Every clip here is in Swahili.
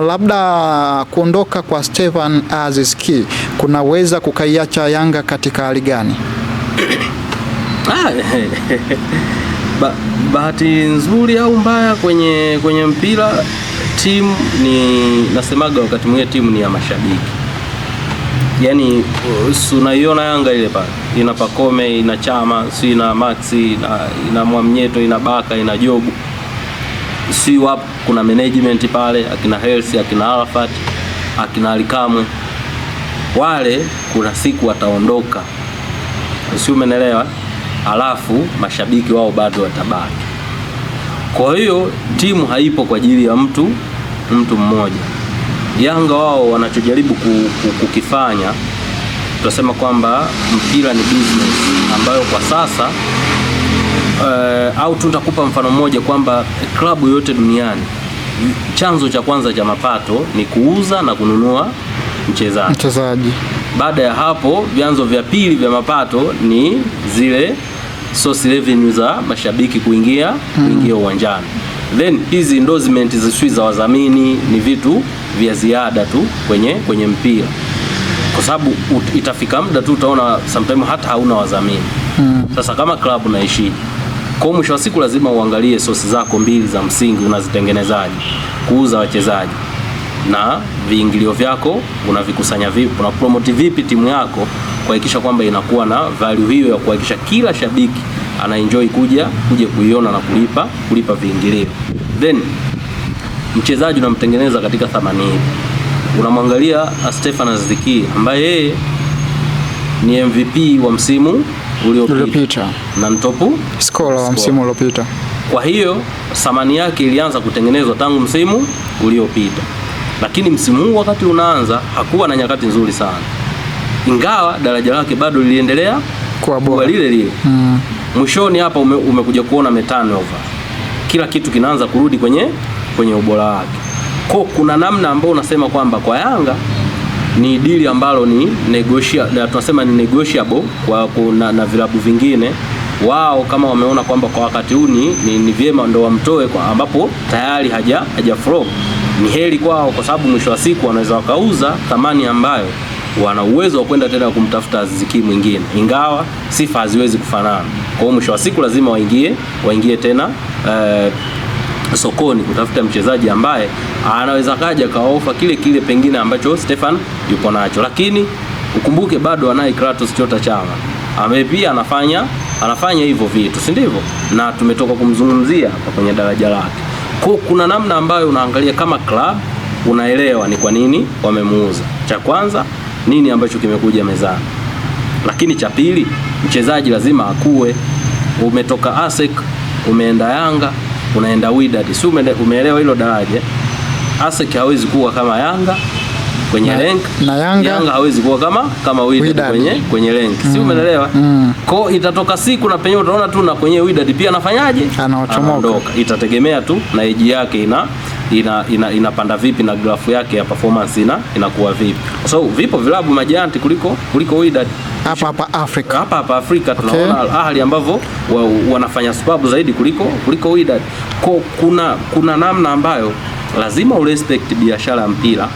labda kuondoka kwa Stefan Aziz Ki kunaweza kukaiacha Yanga katika hali gani? Ba, bahati nzuri au mbaya kwenye kwenye mpira timu ni nasemaga, wakati mwingine timu ni ya mashabiki. Yaani unaiona Yanga ile pale ina Pakome ina Chama si ina Maxi ina, ina Mwamnyeto ina Baka ina Jobu SUAP, kuna management pale akina Hersi, akina Arafat, akina Alikamwe, wale kuna siku wataondoka, sio? umeelewa? Alafu mashabiki wao bado watabaki. Kwa hiyo timu haipo kwa ajili ya mtu mtu mmoja. Yanga wao wanachojaribu kukifanya, tunasema kwamba mpira ni business ambayo kwa sasa uh, au tu nitakupa mfano mmoja kwamba klabu yote duniani chanzo cha kwanza cha mapato ni kuuza na kununua mchezaji mchezaji. Baada ya hapo, vyanzo vya pili vya mapato ni zile source revenue za mashabiki kuingia mm. kuingia uwanjani, then hizi endorsement zisui za wadhamini ni vitu vya ziada tu kwenye kwenye mpira, kwa sababu itafika muda tu utaona sometimes hata hauna wadhamini mm. Sasa kama klabu naishije? Kwa mwisho wa siku lazima uangalie sosi zako mbili za msingi unazitengenezaje, kuuza wachezaji na viingilio vyako unavikusanya vipi, una promote vipi timu yako kuhakikisha kwamba inakuwa na value hiyo ya kuhakikisha kila shabiki ana enjoy kuja kuja kuiona na kulipa kulipa viingilio. Then mchezaji unamtengeneza katika thamani hii, unamwangalia Stefan Aziz ambaye yeye ni MVP wa msimu uliopita na mtopu skola wa msimu uliopita. Kwa hiyo thamani yake ilianza kutengenezwa tangu msimu uliopita, lakini msimu huu wakati unaanza hakuwa na nyakati nzuri sana, ingawa daraja lake bado liliendelea kuwa bora lile lile. Mm. Mwishoni hapa ume, umekuja kuona metanova, kila kitu kinaanza kurudi kwenye kwenye ubora wake. Kwa kuna namna ambayo unasema kwamba kwa Yanga ni dili ambalo ni negotiable, na tunasema ni negotiable kwa kuna, na vilabu vingine wao kama wameona kwamba kwa wakati huu ni, ni, ni vyema ndo wamtoe kwa ambapo tayari haja, haja flow ni heri kwao, kwa sababu mwisho wa siku wanaweza wakauza thamani ambayo wana uwezo wa kwenda tena kumtafuta ziki mwingine, ingawa sifa haziwezi kufanana. Kwa hiyo mwisho wa siku lazima waingie waingie tena eh, sokoni kutafuta mchezaji ambaye anaweza kaja kaofa kile kile pengine ambacho Stefan yupo nacho, lakini ukumbuke bado anaye Kratos Chota Chama ambaye pia anafanya anafanya hivyo vitu, si ndivyo? Na tumetoka kumzungumzia hapa kwenye daraja lake. Kwa kuna namna ambayo unaangalia kama club unaelewa ni kwa nini wamemuuza. Cha kwanza nini ambacho kimekuja mezani, lakini cha pili mchezaji lazima akue. Umetoka ASEC umeenda Yanga unaenda Wydad, si umeelewa hilo daraja? ASEC hawezi kuwa kama Yanga kwenye na, rank na Yanga, Yanga hawezi kuwa kama kama Wydad kwenye kwenye rank mm. si umeelewa? mm. Kwa itatoka siku na penyewe utaona tu na kwenye Wydad pia anafanyaje, anaondoka. Itategemea tu na eji yake ina inapanda ina, ina vipi na grafu yake ya performance ina inakuwa vipi, so, vipo vilabu majanti kuliko kuliko Wydad hapa hapa Afrika, hapa hapa Afrika tunaona okay. Ahali ambavyo wa, wanafanya sababu zaidi kuliko kuliko Wydad. Kwa kuna kuna namna ambayo lazima urespect biashara ya mpira,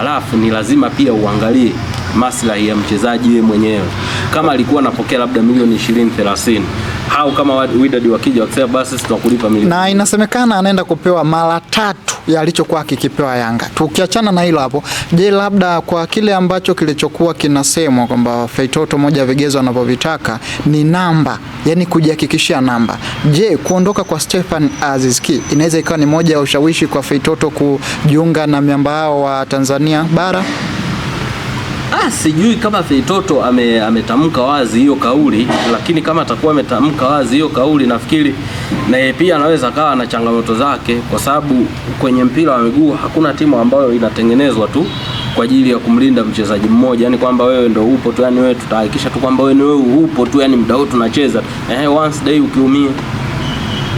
alafu ni lazima pia uangalie maslahi ya mchezaji yeye mwenyewe. Kama alikuwa anapokea labda milioni 20 30 au kama Wydad wakija wakisema basi tutakulipa milioni. Na inasemekana anaenda kupewa mara tatu ya alichokuwa akikipewa Yanga. Tukiachana na hilo hapo, je, labda kwa kile ambacho kilichokuwa kinasemwa kwamba Feitoto, moja ya vigezo anavyovitaka ni namba, yani kujihakikishia namba. Je, kuondoka kwa Stefan Aziski inaweza ikawa ni moja ya ushawishi kwa Feitoto kujiunga na miamba hao wa Tanzania bara? Ah, sijui kama Feitoto ametamka wazi hiyo kauli, lakini kama atakuwa ametamka wazi hiyo kauli, nafikiri na yeye pia anaweza kawa na changamoto zake, kwa sababu kwenye mpira wa miguu hakuna timu ambayo inatengenezwa tu kwa ajili ya kumlinda mchezaji mmoja, yani kwamba wewe ndio upo tu, yani wewe tutahakikisha tu kwamba wewe ni wewe upo tu, yani muda wote tunacheza. Eh, once day ukiumia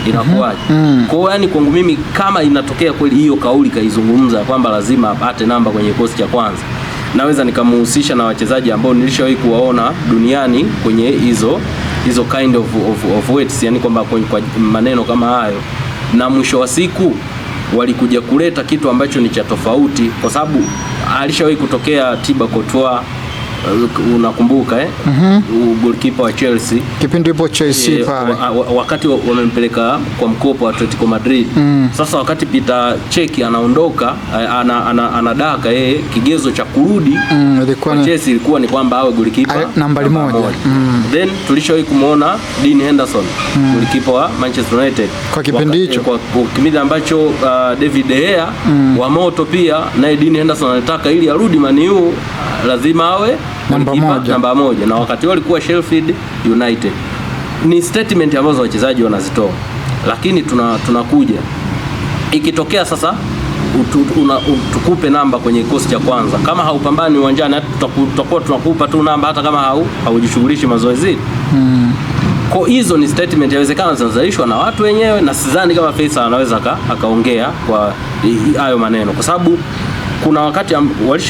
inakuwaje? mm -hmm. Kwa hiyo yani, kwangu mimi kama inatokea kweli hiyo kauli kaizungumza kwamba lazima apate namba kwenye kikosi cha kwanza naweza nikamuhusisha na wachezaji ambao nilishawahi kuwaona duniani kwenye hizo hizo kind of, of, of weights, yani kwamba kwa maneno kama hayo, na mwisho wa siku walikuja kuleta kitu ambacho ni cha tofauti, kwa sababu alishawahi kutokea Thibaut Courtois Uh, unakumbuka eh? mm -hmm. Goalkeeper wa Chelsea kipindi ipo Chelsea e, pale wakati wamempeleka kwa mkopo wa Atletico Madrid mm. Sasa wakati Peter Cech anaondoka ana, ana, anadaka yeye eh, kigezo cha kurudi mm, kwa Chelsea ilikuwa ni kwamba awe goalkeeper nambari moja mm. Then tulishowahi kumuona Dean Henderson mm. goalkeeper wa Manchester United kwa kipindi hicho, eh, kwa kwa kipindi ambacho uh, David De Gea mm. wa moto pia naye Dean Henderson anataka ili arudi Man U lazima awe namba moja, namba moja, na wakati huo alikuwa Sheffield United. Ni statement ambazo wachezaji wanazitoa, lakini tuna, tunakuja ikitokea sasa utu, una, tukupe namba kwenye kikosi cha kwanza, kama haupambani uwanjani tutakuwa tunakupa tu namba hata kama hau, haujishughulishi mazoezini mm. Kwa hizo ni statement yawezekana zinazalishwa na watu wenyewe, na sidhani kama Faisal anaweza akaongea kwa hayo maneno, kwa sababu kuna wakati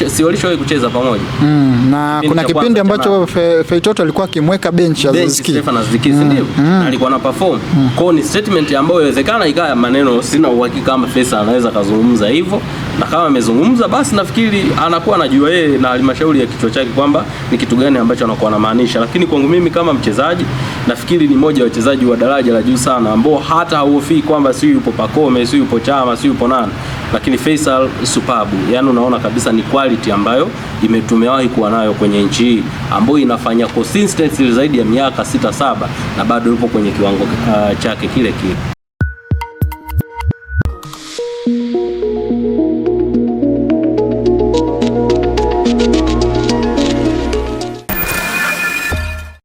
si walishawahi kucheza pamoja mm, na kipindi kuna kipindi ambacho Feitoto alikuwa akimweka bench Aziziki Stefan Aziziki, mm, ndio mm. alikuwa na perform mm. Kwa Ni statement ambayo inawezekana ikawa maneno, sina uhakika kama Fesa anaweza kazungumza hivyo, na kama amezungumza basi nafikiri anakuwa anajua yeye na halmashauri ya kichwa chake kwamba ni kitu gani ambacho anakuwa anamaanisha, lakini kwangu mimi kama mchezaji nafikiri ni moja ya wachezaji wa daraja la juu sana ambao hata hauhofii kwamba si yupo Pacome, si yupo Chama, si yupo nani, lakini Faisal supabu, yaani unaona kabisa ni quality ambayo imetumewahi kuwa nayo kwenye nchi hii ambayo inafanya consistency zaidi ya miaka sita saba na bado yupo kwenye kiwango uh, chake kile kile.